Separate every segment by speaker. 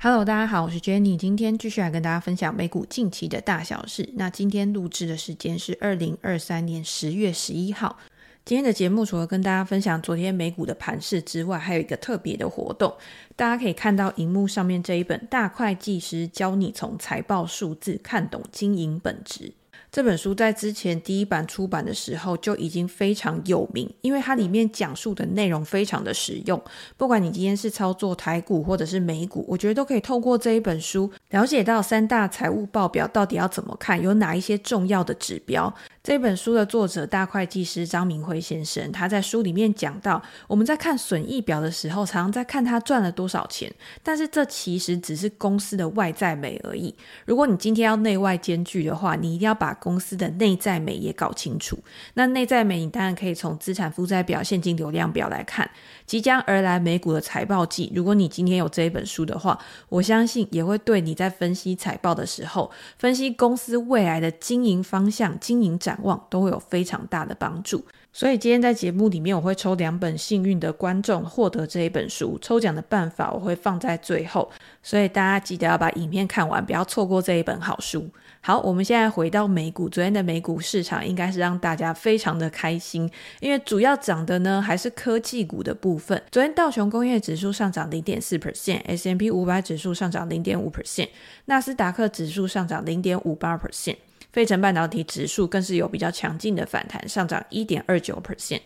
Speaker 1: Hello，大家好，我是 Jenny，今天繼續來跟大家分享美股近期的大小事。那今天錄制的時間是二零二三年十月十一號。今天的節目除了跟大家分享昨天美股的盤勢之外，還有一個特別的活動，大家可以看到熒幕上面這一本《大會計師教你從財報數字看懂經營本質》。這本書在之前第一版出版的時候就已經非常有名，因為它裡面講述的內容非常的實用。不管你今天是操作台股或者是美股，我覺得都可以透過這一本書了解到三大財務報表到底要怎麼看，有哪一些重要的指標。這本書的作者大會計師張明輝先生，他在書裡面講到，我們在看損益表的時候，常常在看他賺了多少錢，但是這其實只是公司的外在美而已。如果你今天要內外兼具的話，你一定要把公司的內在美也搞清楚。那內在美，你當然可以從資產負債表、現金流量表來看。即將而來美股的財報季，如果你今天有這一本書的話，我相信也會對你在分析財報的時候，分析公司未來的經營方向、經營展望都會有非常大的幫助，所以今天在節目裡面我會抽兩本幸運的觀眾獲得這一本書。抽獎的辦法我會放在最後，所以大家記得要把影片看完，不要錯過這一本好書。好，我們現在回到美股，昨天的美股市場應該是讓大家非常的開心，因為主要漲的呢還是科技股的部分。昨天道瓊工業指數上漲零點四 percent，S&P 五百指數上漲零點五 percent，納斯達克指數上漲零點五八 percent。費城半導體指數更是有比較強勁的反彈，上漲一點二九 percent。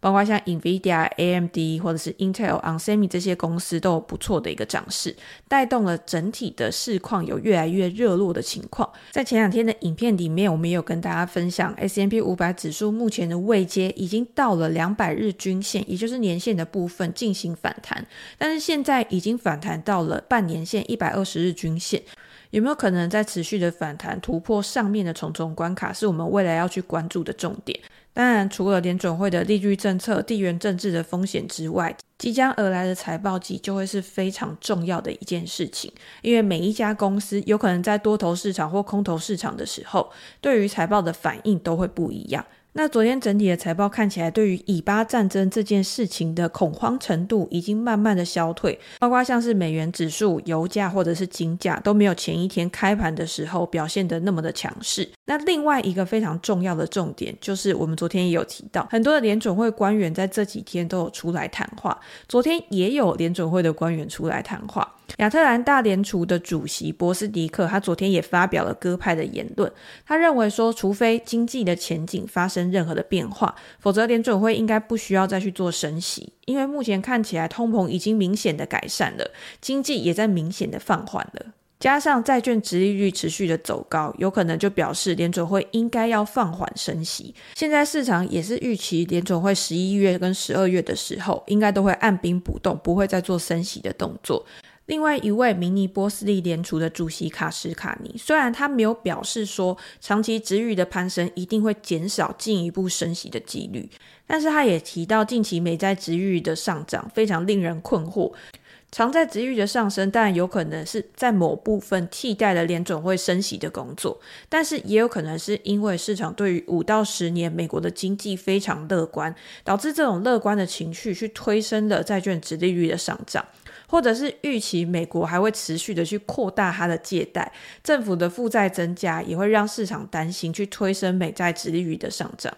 Speaker 1: 包括像 Nvidia、AMD 或者是 Intel、Onsemi 這些公司都有不錯的一個漲勢，帶動了整體的市況有越來越熱絡的情況。在前兩天的影片裡面，我們也有跟大家分享 S&P 五百指數目前的位階已經到了兩百日均線，也就是年線的部分進行反彈，但是現在已經反彈到了半年線一百二十日均線，有沒有可能在持續的反彈突破上面的重重關卡，是我們未來要去關注的重點。當然，除了聯準會的利率政策、地緣政治的風險之外，即將而來的財報季就會是非常重要的一件事情，因為每一家公司有可能在多頭市場或空頭市場的時候，對於財報的反應都會不一樣。那昨天整體的財報看起來，對於以巴戰爭這件事情的恐慌程度已經慢慢的消退，包括像是美元指數、油價或者是金價都沒有前一天開盤的時候表現得那麼的強勢。那另外一個非常重要的重點，就是我們昨天也有提到，很多的聯準會官員在這幾天都有出來談話。昨天也有聯準會的官員出來談話。亞特蘭大聯儲的主席博斯迪克，他昨天也發表了鴿派的言論。他認為說，除非經濟的前景發生任何的變化，否則聯準會應該不需要再去做升息，因為目前看起來通膨已經明顯的改善了，經濟也在明顯的放緩了。加上債券殖利率持續的走高，有可能就表示聯準會應該要放緩升息。現在市場也是預期聯準會十一月跟十二月的時候，應該都會按兵不動，不會再做升息的動作。另外一位明尼波斯利聯儲的主席卡什卡尼，雖然他沒有表示說長期殖利率的攀升一定會減少進一步升息的幾率，但是他也提到近期美債殖利率的上漲非常令人困惑。長債殖利率的上升，當然有可能是在某部分替代了聯準會升息的工作，但是也有可能是因為市場對於五到十年美國的經濟非常樂觀，導致這種樂觀的情緒去推升了債券殖利率的上漲，或者是預期美國還會持續的去擴大它的借貸，政府的負債增加也會讓市場擔心去推升美債殖利率的上漲。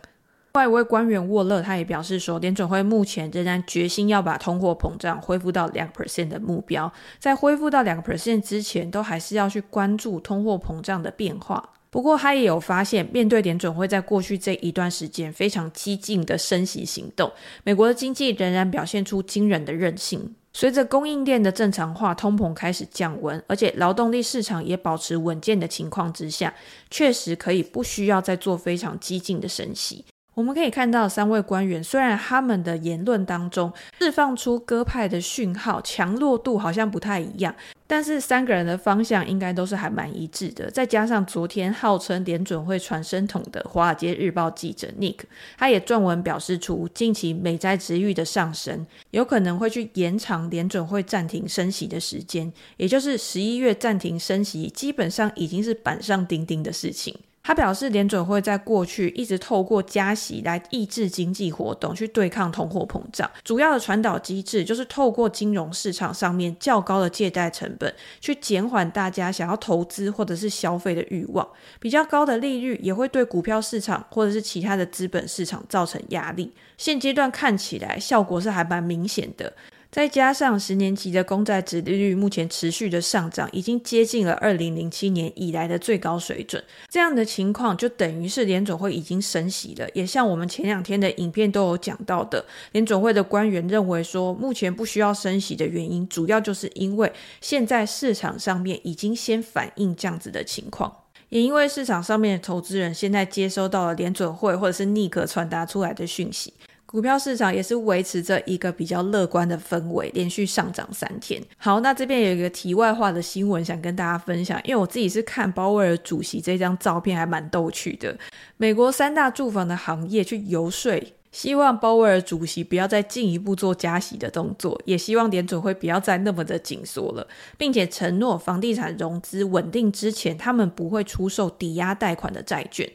Speaker 1: 另外一位官員沃勒，他也表示說，聯準會目前仍然決心要把通貨膨脹恢復到兩 percent 的目標，在恢復到兩 percent 之前，都還是要去關注通貨膨脹的變化。不過，他也有發現，面對聯準會在過去這一段時間非常激進的升息行動，美國的經濟仍然表現出驚人的韌性。隨着供應鏈的正常化，通膨開始降溫，而且勞動力市場也保持穩健的情況之下，確實可以不需要再做非常激進的升息。我們可以看到，三位官員雖然他們的言論當中釋放出鴿派的訊號，強弱度好像不太一樣，但是三個人的方向應該都是還蠻一致的。再加上昨天號稱聯準會傳聲筒的《華爾街日報》記者 Nick，他也撰文表示出，近期美債殖利率的上升，有可能會去延長聯準會暫停升息的時間，也就是十一月暫停升息，基本上已經是板上釘釘的事情。他表示，聯準會在過去一直透過加息來抑制經濟活動，去對抗通貨膨脹。主要的傳導機制就是透過金融市場上面較高的借貸成本，去減緩大家想要投資或者是消費的欲望。比較高的利率也會對股票市場或者是其他的資本市場造成壓力。現階段看起來效果是還蠻明顯的。再加上十年期的公債殖利率目前持續的上漲，已經接近了二零零七年以來的最高水準。這樣的情況就等於是聯準會已經升息了。也像我們前兩天的影片都有講到的，聯準會的官員認為說，目前不需要升息的原因，主要就是因為現在市場上面已經先反映這樣子的情況，也因為市場上面的投資人現在接收到了聯準會或者是尼克傳達出來的訊息。股票市場也是維持着一個比較樂觀的氛圍，連續上漲三天。好，那這邊有一個題外話的新聞想跟大家分享，因為我自己是看鮑威爾主席這張照片還蠻逗趣的。美國三大住房的行業去游說，希望鮑威爾主席不要再進一步做加息的動作，也希望聯準會不要再那麼的緊縮了，並且承諾房地產融資穩定之前，他們不會出售抵押貸款的債券。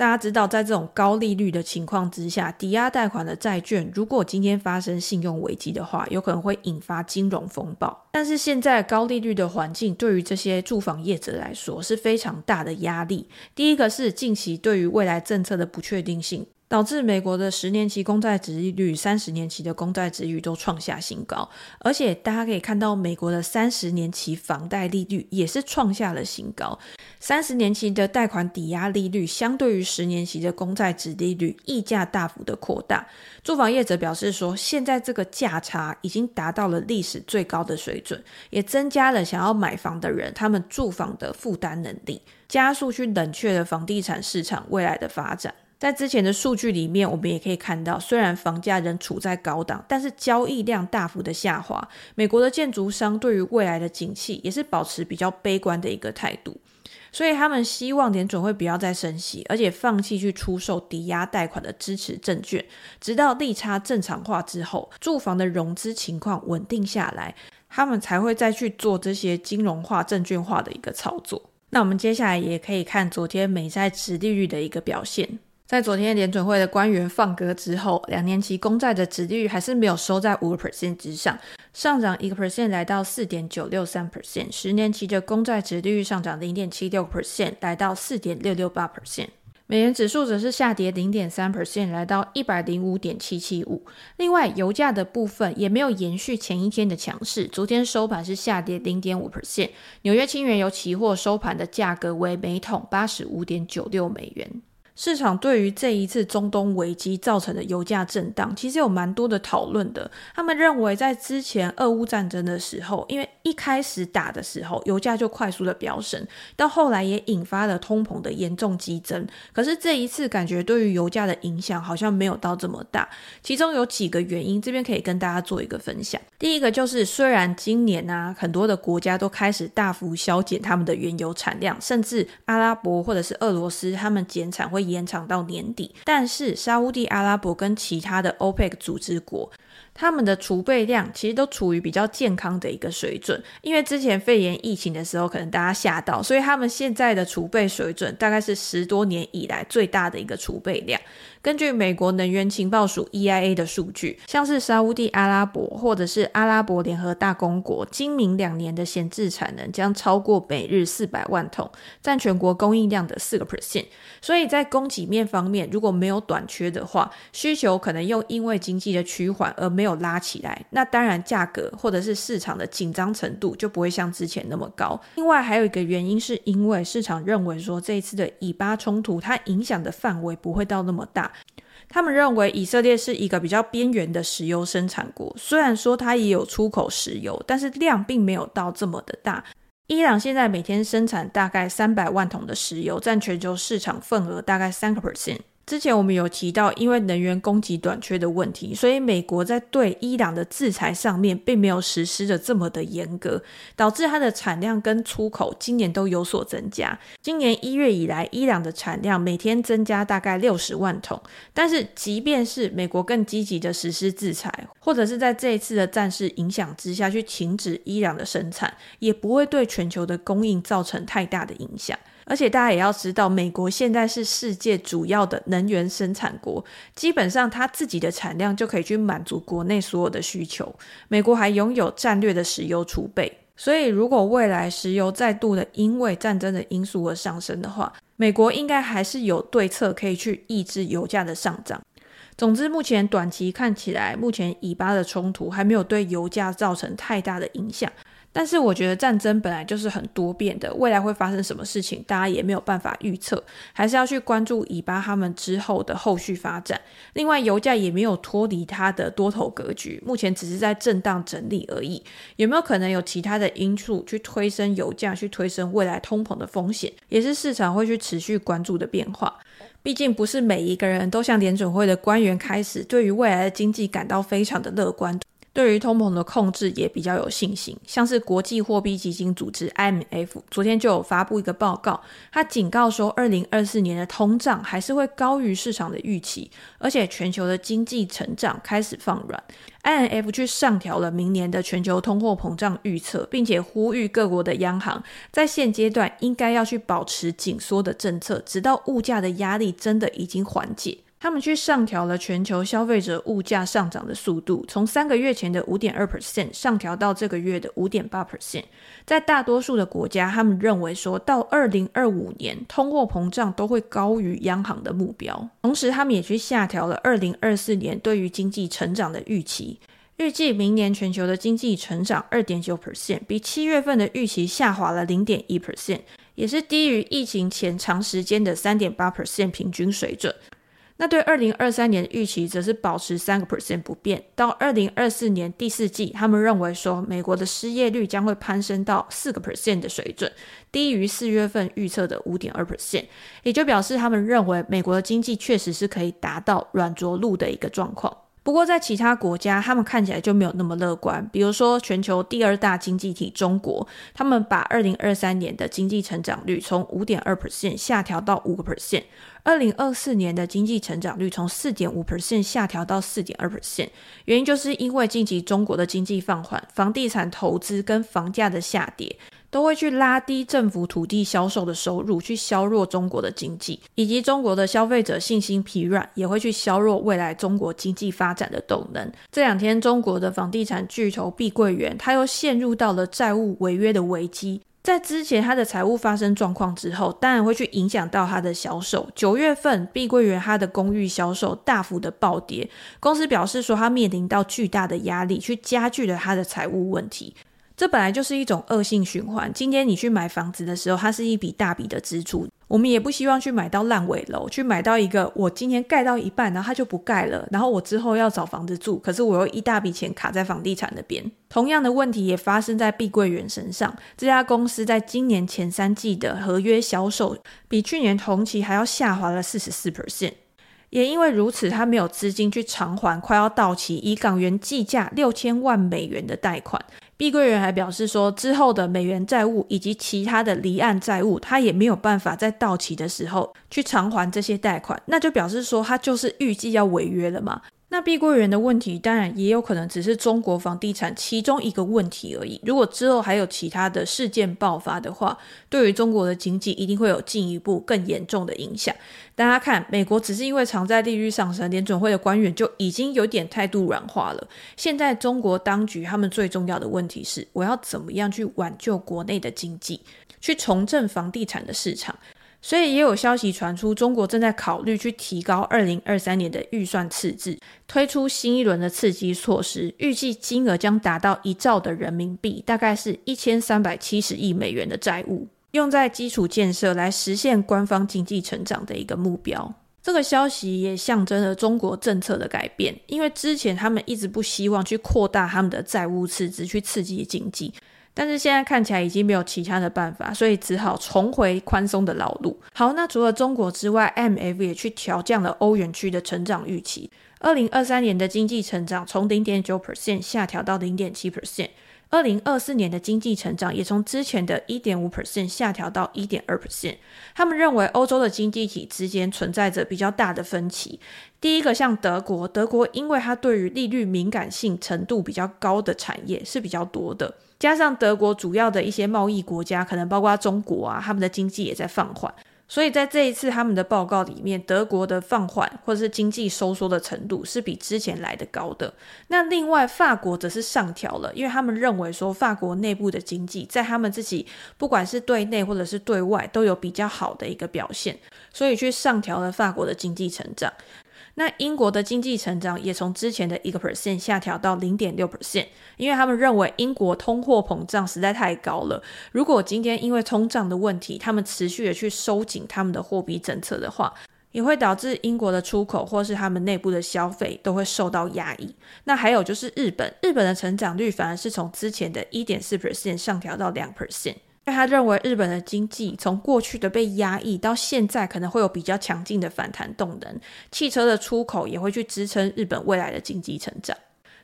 Speaker 1: 大家知道，在這種高利率的情況之下，抵押貸款的債券，如果今天發生信用危機的話，有可能會引發金融風暴。但是現在高利率的環境，對於這些住房業者來說是非常大的壓力。第一個是近期對於未來政策的不確定性，導致美國的十年期公債殖利率、三十年期的公債殖利率都創下新高，而且大家可以看到，美國的三十年期房貸利率也是創下了新高。三十年期的貸款抵押利率，相對於十年期的公債殖利率，溢價大幅的擴大。住房業者表示說，現在這個價差已經達到了歷史最高的水準，也增加了想要買房的人他們住房的負擔能力，加速去冷卻了房地產市場未來的發展。在之前的數據裡面，我們也可以看到，雖然房價仍處在高檔，但是交易量大幅的下滑。美國的建築商對於未來的景氣也是保持比較悲觀的一個態度。所以他們希望聯準會不要再升息，而且放棄去出售抵押貸款的支持證券，直到利差正常化之後，住房的融資情況穩定下來，他們才會再去做這些金融化、證券化的一個操作。那我們接下來也可以看昨天美債殖利率的一個表現。在昨天聯準會的官員放鴿之後，兩年期公債的殖利率還是沒有收在五 percent 之上，上漲一個 percent 來到四點九六三 percent。十年期的公債殖利率上漲零點七六 percent，來到四點六六八 percent。美元指數則是下跌零點三 percent，來到一百零五點七七五。另外，油價的部分也沒有延續前一天的強勢，昨天收盤是下跌零點五 percent。紐約輕原油期貨收盤的價格為每桶八十五點九六美元。市場對於這一次中東危機造成的油價震盪，其實有蠻多的討論的。他們認為，在之前俄烏戰爭的時候，因為一開始打的時候，油價就快速的飆升，到後來也引發了通膨的嚴重激增。可是這一次，感覺對於油價的影響好像沒有到這麼大。其中有幾個原因，這邊可以跟大家做一個分享。第一個就是，雖然今年啊，很多的國家都開始大幅削減他們的原油產量，甚至阿拉伯或者是俄羅斯，他們減產會。延長到年底，但是沙烏地阿拉伯跟其他的 OPEC 組織國，他們的儲備量其實都處於比較健康的一個水準，因為之前肺炎疫情的時候，可能大家嚇到，所以他們現在的儲備水準大概是十多年以來最大的一個儲備量。根據美國能源情報署 （EIA） 的數據，像是沙烏地阿拉伯或者是阿拉伯聯合大公國，今明兩年的閒置產能將超過每日四百萬桶，占全國供應量的四個 percent。所以在供給面方面，如果沒有短缺的話，需求可能又因為經濟的趨緩而沒有拉起來。那當然，價格或者是市場的緊張程度就不會像之前那麼高。另外，還有一個原因是因為市場認為說這一次的以巴衝突，它影響的範圍不會到那麼大。他們認為以色列是一個比較邊緣的石油生產國，雖然說它也有出口石油，但是量並沒有到這麼的大。伊朗現在每天生產大概三百萬桶的石油，占全球市場份額大概三個 percent。之前我們有提到，因為能源供給短缺的問題，所以美國在對伊朗的制裁上面，並沒有實施的這麼的嚴格，導致它的產量跟出口今年都有所增加。今年一月以來，伊朗的產量每天增加大概六十萬桶。但是，即便是美國更積極的實施制裁，或者是在這一次的戰事影響之下去停止伊朗的生產，也不會對全球的供應造成太大的影響。而且大家也要知道，美國現在是世界主要的能源生產國，基本上它自己的產量就可以去滿足國內所有的需求。美國還擁有戰略的石油儲備，所以如果未來石油再度的因為戰爭的因素而上升的話，美國應該還是有對策可以去抑制油價的上漲。總之，目前短期看起來，目前以巴的衝突還沒有對油價造成太大的影響。但是我覺得戰爭本來就是很多變的，未來會發生什麼事情，大家也沒有辦法預測，還是要去關注以巴他們之後的後續發展。另外，油價也沒有脫離它的多頭格局，目前只是在震盪整理而已。有沒有可能有其他的因素去推升油價，去推升未來通膨的風險，也是市場會去持續關注的變化。畢竟不是每一個人都像聯準會的官員開始，對於未來的經濟感到非常的樂觀。對於通膨的控制也比較有信心，像是國際貨幣基金組織 IMF 昨天就有發布一個報告，他警告說，二零二四年的通脹還是會高於市場的預期，而且全球的經濟成長開始放軟，IMF 去上調了明年的全球通貨膨脹預測，並且呼籲各國的央行在現階段應該要去保持緊縮的政策，直到物價的壓力真的已經緩解。他們去上調了全球消費者物價上漲的速度，從三個月前的五點二 percent 上調到這個月的五點八 percent。在大多數的國家，他們認為說到二零二五年，通貨膨脹都會高於央行的目標。同時，他們也去下調了二零二四年對於經濟成長的預期，預計明年全球的經濟成長二點九 percent，比七月份的預期下滑了零點一 percent，也是低於疫情前長時間的三點八 percent 平均水準。那對二零二三年的預期則是保持三個 percent 不變，到二零二四年第四季，他們認為說美國的失業率將會攀升到四個 percent 的水準，低於四月份預測的五點二 percent，也就表示他們認為美國的經濟確實是可以達到軟着陸的一個狀況。不過，在其他國家，他們看起來就沒有那麼樂觀。比如說，全球第二大經濟體中國，他們把二零二三年的經濟成長率從五點二%下調到五個%，二零二四年的經濟成長率從四點五%下調到四點二%。原因就是因為近期中國的經濟放緩、房地產投資跟房價的下跌。都會去拉低政府土地銷售的收入，去削弱中國的經濟，以及中國的消費者信心疲軟，也會去削弱未來中國經濟發展的動能。這兩天，中國的房地產巨頭碧桂園，他又陷入到了債務違約的危機。在之前他的財務發生狀況之後，當然會去影響到他的銷售。九月份，碧桂園他的公寓銷售大幅的暴跌，公司表示說他面臨到巨大的壓力，去加劇了他的財務問題。這本來就是一種惡性循環。今天你去買房子的時候，它是一筆大筆的支出。我們也不希望去買到爛尾樓，去買到一個我今天蓋到一半，然後它就不蓋了，然後我之後要找房子住，可是我又一大筆錢卡在房地產那邊。同樣的問題也發生在碧桂園身上。這家公司在今年前三季的合約銷售比去年同期還要下滑了四十四 percent。也因為如此，它沒有資金去償還快要到期以港元計價六千萬美元的貸款。碧桂園還表示說，之後的美元債務以及其他的離岸債務，他也沒有辦法在到期的時候去償還這些貸款，那就表示說，他就是預計要違約了嘛。那碧桂園的問題，當然也有可能只是中國房地產其中一個問題而已。如果之後還有其他的事件爆發的話，對於中國的經濟一定會有進一步更嚴重的影響。大家看，美國只是因為長債利率上升，聯準會的官員就已經有點態度軟化了。現在中國當局他們最重要的問題是，我要怎麼樣去挽救國內的經濟，去重振房地產的市場。所以也有消息傳出，中國正在考慮去提高二零二三年的預算赤字，推出新一輪的刺激措施，預計金額將達到一兆的人民幣，大概是一千三百七十億美元的債務。用在基礎建設來實現官方經濟成長的一個目標。這個消息也象徵了中國政策的改變，因為之前他們一直不希望去擴大他們的債務赤字去刺激經濟，但是現在看起來已經沒有其他的辦法，所以只好重回寬鬆的老路。好，那除了中國之外，IMF 也去調降了歐元區的成長預期，二零二三年的經濟成長從零點九 percent 下調到零點七 percent。二零二四年的經濟成長也從之前的一點五 percent 下調到一點二 percent。他們認為歐洲的經濟體之間存在着比較大的分歧。第一個像德國，德國因為它對於利率敏感性程度比較高的產業是比較多的，加上德國主要的一些貿易國家，可能包括中國啊，他們的經濟也在放緩。所以在這一次他們的報告裡面，德國的放緩或者是經濟收縮的程度是比之前來的高的。那另外法國則是上調了，因為他們認為說法國內部的經濟在他們自己不管是對內或者是對外都有比較好的一個表現，所以去上調了法國的經濟成長。那英國的經濟成長也從之前的一個 percent 下調到零點六 percent，因為他們認為英國通貨膨脹實在太高了。如果今天因為通脹的問題，他們持續的去收緊他們的貨幣政策的話，也會導致英國的出口或是他們內部的消費都會受到壓抑。那還有就是日本，日本的成長率反而是從之前的一點四 percent 上調到兩 percent。因為他認為日本的經濟從過去的被壓抑到現在可能會有比較強勁的反彈動能，汽車的出口也會去支撐日本未來的經濟成長。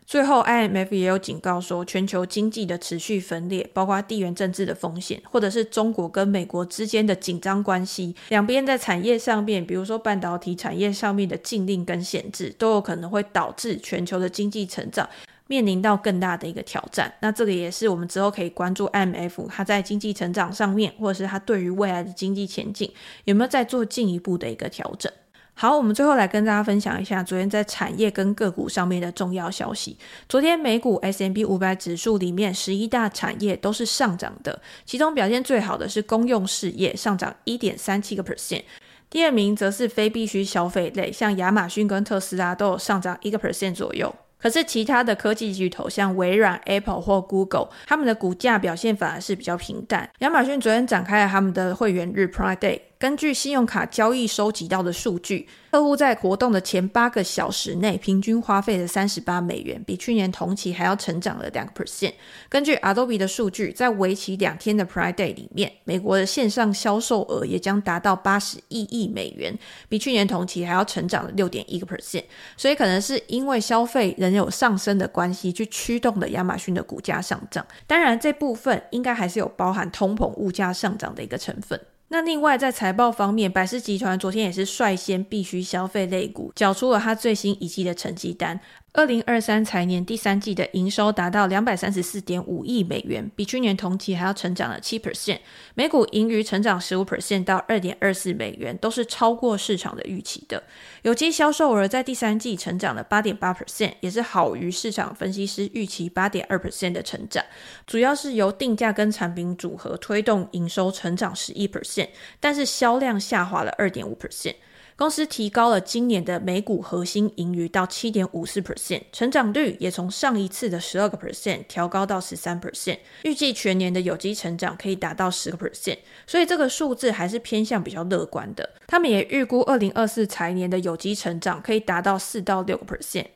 Speaker 1: 最後，IMF 也有警告說，全球經濟的持續分裂，包括地緣政治的風險，或者是中國跟美國之間的緊張關係，兩邊在產業上面，比如說半導體產業上面的禁令跟限制，都有可能會導致全球的經濟成長。面臨到更大的一個挑戰，那這個也是我們之後可以關注 IMF，它在經濟成長上面，或者是它對於未來的經濟前景有沒有再做進一步的一個調整。好，我們最後來跟大家分享一下昨天在產業跟個股上面的重要消息。昨天美股 S&P 五百指數裡面十一大產業都是上漲的，其中表現最好的是公用事業，上漲一點三七個 percent，第二名則是非必需消費類，像亞馬遜跟特斯拉都有上漲一個 percent 左右。可是，其他的科技巨頭像微軟、Apple 或 Google，他們的股價表現反而是比較平淡。亞馬遜昨天展開了他們的會員日 p r i d e Day）。根據信用卡交易收集到的數據，客戶在活動的前八個小時內平均花費了三十八美元，比去年同期還要成長了兩個 percent。根據 Adobe 的數據，在為期兩天的 Prime Day 裡面，美國的線上銷售額也將達到八十一億美元，比去年同期還要成長了六點一個 percent。所以，可能是因為消費仍有上升的關係，去驅動了亞馬遜的股價上漲。當然，這部分應該還是有包含通膨、物價上漲的一個成分。那另外在財報方面，百事集團昨天也是率先必需消費類股，繳出了它最新一季的成績單。二零二三財年第三季的營收達到兩百三十四點五億美元，比去年同期還要成長了七 percent。每股盈餘成長十五 percent 到二點二四美元，都是超過市場的預期的。有機銷售額在第三季成長了八點八 percent，也是好於市場分析師預期八點二 percent 的成長，主要是由定價跟產品組合推動營收成長十一 percent，但是銷量下滑了二點五 percent。公司提高了今年的每股核心盈餘到七點五四 percent，成長率也從上一次的十二個 percent 調高到十三 percent，預計全年的有機成長可以達到十個 percent，所以這個數字還是偏向比較樂觀的。他們也預估二零二四財年的有機成長可以達到四到六個 percent，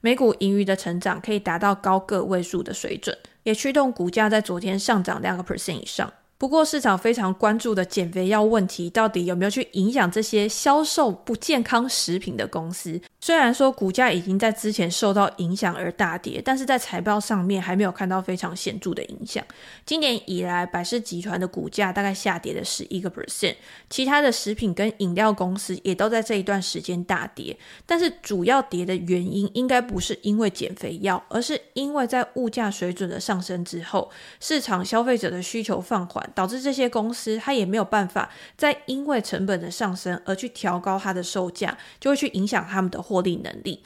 Speaker 1: 每股盈餘的成長可以達到高個位數的水準，也驅動股價在昨天上漲兩個 percent 以上。不過，市場非常關注的減肥藥問題，到底有沒有去影響這些銷售不健康食品的公司？雖然說股價已經在之前受到影響而大跌，但是在財報上面還沒有看到非常顯著的影響。今年以來，百事集團的股價大概下跌了十一個 percent，其他的食品跟飲料公司也都在這一段時間大跌。但是主要跌的原因應該不是因為減肥藥，而是因為在物價水準的上升之後，市場消費者的需求放緩，導致這些公司它也沒有辦法再因為成本的上升而去調高它的售價，就會去影響他們的貨。獲利能力。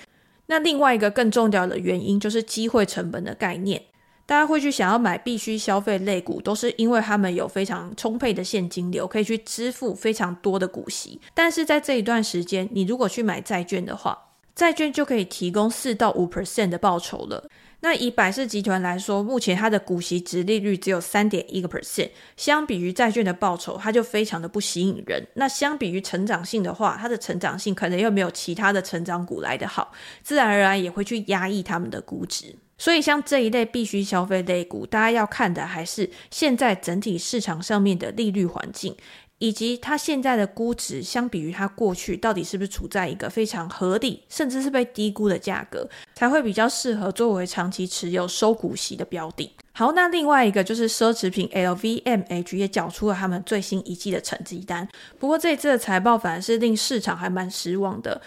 Speaker 1: 那另外一個更重要的原因就是機會成本的概念。大家會去想要買必需消費類股，都是因為他們有非常充沛的現金流，可以去支付非常多的股息。但是在這一段時間，你如果去買債券的話，債券就可以提供四到五 percent 的報酬了。那以百事集團來說，目前它的股息殖利率只有三點一個 percent，相比於債券的報酬，它就非常的不吸引人。那相比於成長性的話，它的成長性可能又沒有其他的成長股來得好，自然而然也會去壓抑他們的估值。所以像這一類必需消費類股，大家要看的還是現在整體市場上面的利率環境。以及它現在的估值，相比於它過去，到底是不是處在一個非常合理，甚至是被低估的價格，才會比較適合作為長期持有收股息的標的。好，那另外一個就是奢侈品 LVMH 也繳出了他們最新一季的成績單，不過這一次的財報反而是令市場還蠻失望的。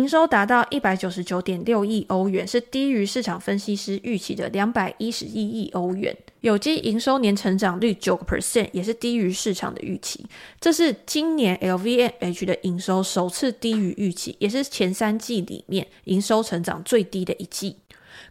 Speaker 1: 營收達到一百九十九點六億歐元，是低於市場分析師預期的兩百一十一億歐元。有機營收年成長率九個 percent，也是低於市場的預期。這是今年 LVMH 的營收首次低於預期，也是前三季裡面營收成長最低的一季。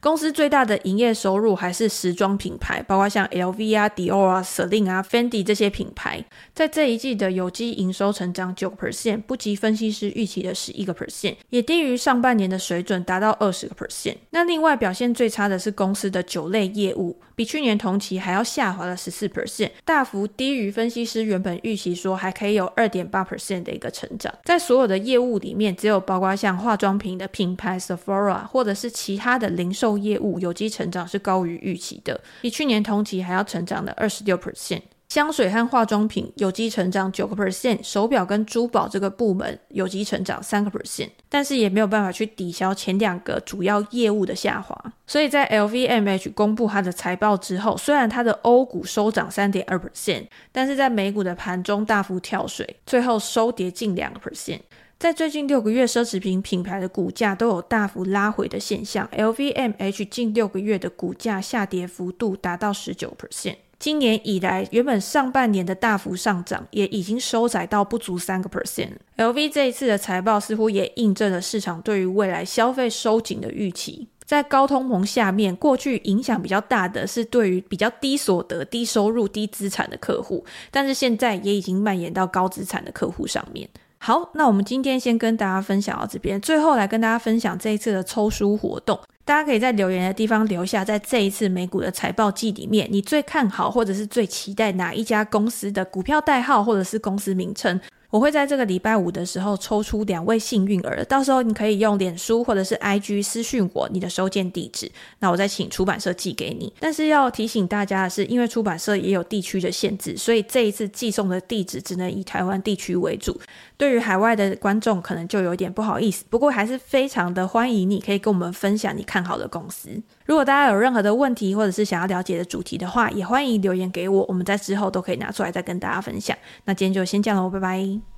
Speaker 1: 公司最大的營業收入還是時裝品牌，包括像 LV 啊、迪奧啊、Celine 啊、Fendi 這些品牌，在這一季的有機營收成長九 percent，不及分析師預期的十一個 percent，也低於上半年的水準，達到二十個 percent。那另外表現最差的是公司的酒類業務，比去年同期還要下滑了十四 percent，大幅低於分析師原本預期說還可以有二點八 percent 的一個成長。在所有的業務裡面，只有包括像化妝品的品牌 Sephora 或者是其他的零售。業務有機成長是高於預期的，比去年同期還要成長的二十六 percent。香水和化妝品有機成長九個 percent，手錶跟珠寶這個部門有機成長三個 percent，但是也沒有辦法去抵消前兩個主要業務的下滑。所以在 LVMH 公布它的財報之後，雖然它的歐股收漲三點二 percent，但是在美股的盤中大幅跳水，最後收跌近兩個 percent。在最近六個月，奢侈品品牌的股價都有大幅拉回的現象。LVMH 近六個月的股價下跌幅度達到十九 percent。今年以來，原本上半年的大幅上漲也已經收窄到不足三個 percent。LVMH 這一次的財報似乎也印證了市場對於未來消費收緊的預期。在高通膨下面，過去影響比較大的是對於比較低所得、低收入、低資產的客戶，但是現在也已經蔓延到高資產的客戶上面。好，那我們今天先跟大家分享到這邊。最後來跟大家分享這一次的抽書活動，大家可以在留言的地方留下，在這一次美股的財報季裡面，你最看好或者是最期待哪一家公司的股票代號或者是公司名稱。我會在這個禮拜五的時候抽出兩位幸運兒，到時候你可以用臉書或者是 IG 私訊我你的收件地址，那我再請出版社寄給你。但是要提醒大家的是，因為出版社也有地區的限制，所以這一次寄送的地址只能以台灣地區為主。對於海外的觀眾，可能就有點不好意思，不過還是非常的歡迎你，可以跟我們分享你看好的公司。如果大家有任何的問題，或者是想要了解的主題的話，也歡迎留言給我，我們在之後都可以拿出來再跟大家分享。那今天就先這樣嘍，拜拜。